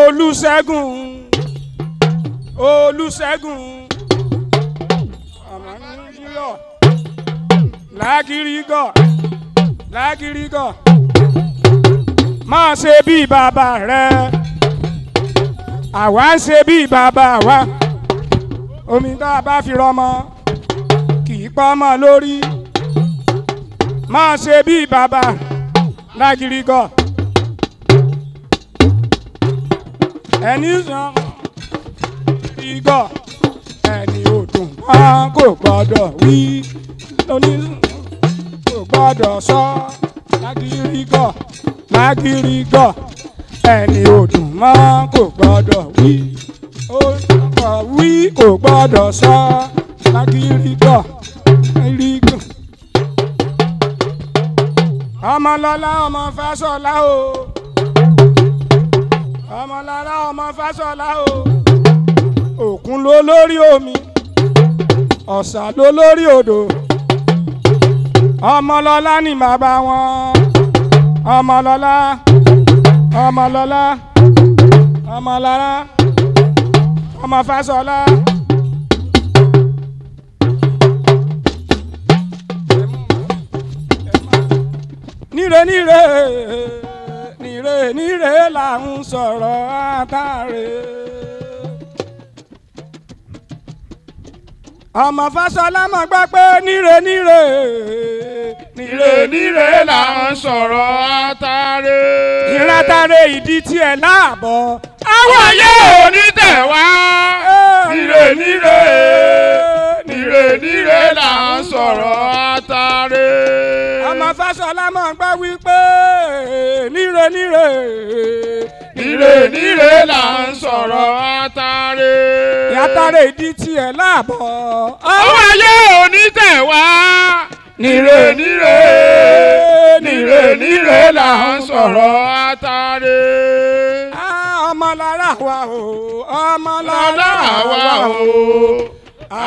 olùṣègùn olùṣègùn ọmọ nìyílọ lágìrìgọ lágìrìgọ máa ṣe bí bàbá rẹ àwa ń ṣe bí bàbá wa omi tá a bá fi rọmọ kì í pọ́ mọ́ lórí máa ṣe bí bàbá lágìrìgọ. ẹni sàn rí gbọ́ ẹni òdùn máa kò gbọ́dọ̀ wí lóní kò gbọ́dọ̀ sọ lágìrì gbọ́ lágìrì gbọ́ ẹni òdùn máa kò gbọ́dọ̀ wí ó gbọ́ wí kò gbọ́dọ̀ sọ lágìrì gbọ́ rí gbọ́. ọmọlọ́lá ọmọ fásọlá o ọmọlára ọmọ fásọlá o òkun ló lórí omi ọ̀sà ló lórí odò ọmọlọ́lá ni bàbá wọn ọmọlọ́lá ọmọlọ́lá ọmọlọ́lá ọmọ fásọlá. Nire, nire ire níre là ń sọ̀rọ̀ àtàrè. ọmọ Fáṣọlá mọ̀ gbọ́ pé níre níre níre níre là ń sọ̀rọ̀ àtàrè. ìrátàrè ìdí tiẹ̀ láàbọ̀. àwọn ayé òní tẹ̀ wá. níre níre níre níre là ń sọ̀rọ̀ Fáṣọlá mọ̀ ń gbọ́ wípé níre níre. níre níre là ń sọ̀rọ̀ àtàrẹ. ìyátàrẹ ìdí tiẹ̀ láàbọ̀. ọwọ́ ayé òní tẹ̀ wá. níre níre níre níre là ń sọ̀rọ̀ àtàrẹ. ọmọ lára wa o ọmọ lára wa o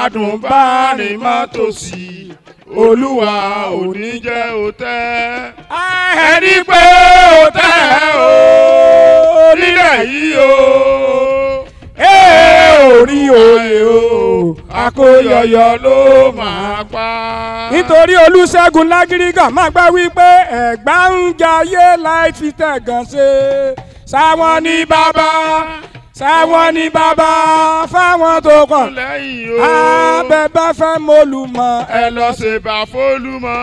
adùn bá rìn mọ́tò sí olúwa ò ní jẹ́ òtẹ́ ẹni pé òtẹ́ o nílẹ̀ yìí o orí òye o akóyọyọ ló máa pa. nítorí olùṣègùn lágírígàn máa gbá wípé ẹ̀gbá ń jayé láì fi tẹ̀gàn ṣe sáwọn ní bàbá sáwọn ni bàbá fáwọn tó kàn abẹ bá fẹ́ mọlùmọ. ẹ lọ ṣe bá fọlùmọ.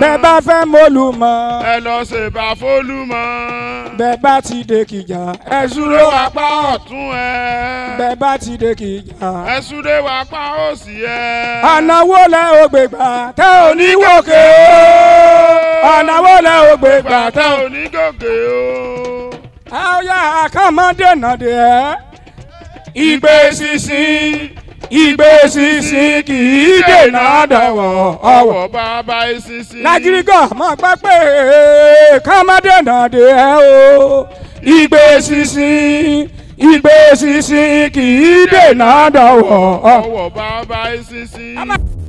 bẹ bá fẹ́ mọlùmọ. ẹ lọ ṣe bá fọlùmọ. bẹ bá ti de kìjà. ẹ súré wà pa ọ̀tún ẹ. bẹ bá ti de kìjà. ẹ súré wà pa òsì ẹ. ọ̀nà wo lẹ o gbè gbà tẹ ò ní wòkè o. ọ̀nà wo lẹ o gbè gbà tẹ ò ní gòkè o ọ̀yà ká má dènà dè ẹ́. ìgbé sísìn ìgbé sísìn kì í dènà àdàwọ̀ ọwọ̀ bàbá ìsísìn. lájírígàn máa gbá pé ká má dènà dè ẹ́ o. ìgbé sísìn ìgbé sísìn kì í dènà àdàwọ̀ ọwọ̀ bàbá ìsísìn.